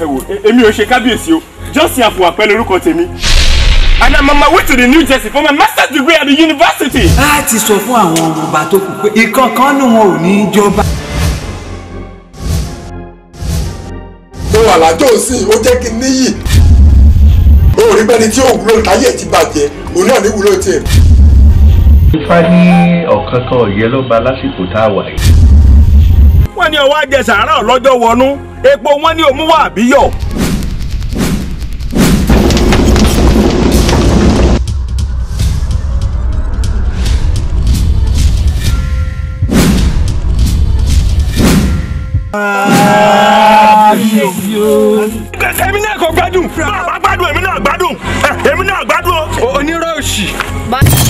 ẹ wò e, èmi ò ṣe kábíyèsí o Johnson àfùwàpẹ́ lórúkọ tèmi and I'm on my way to the New Jersey for my master's degree at the university. a ti sọ fún àwọn ọba tó kù pé ìkankan nù wọn ò ní í jọba. mo wà lájọ́ òsín ó jẹ́ kí n níyì orí bẹ́ni tí òun ló táyé ti bàjẹ́ òun náà ní wúlò tiẹ̀. Ifá ní ọ̀kan ọ̀yẹ́ ló ba lásìkò tá a wà yìí. wọ́n ní ọwọ́ jẹ sàárà ọlọ́jọ́ wọnú epo wọn ni òun wà àbíyọ̀. èmi náà kò gbádùn bá a bá gbádùn èmi náà gbádùn èmi náà gbádùn onírọ̀ òsì.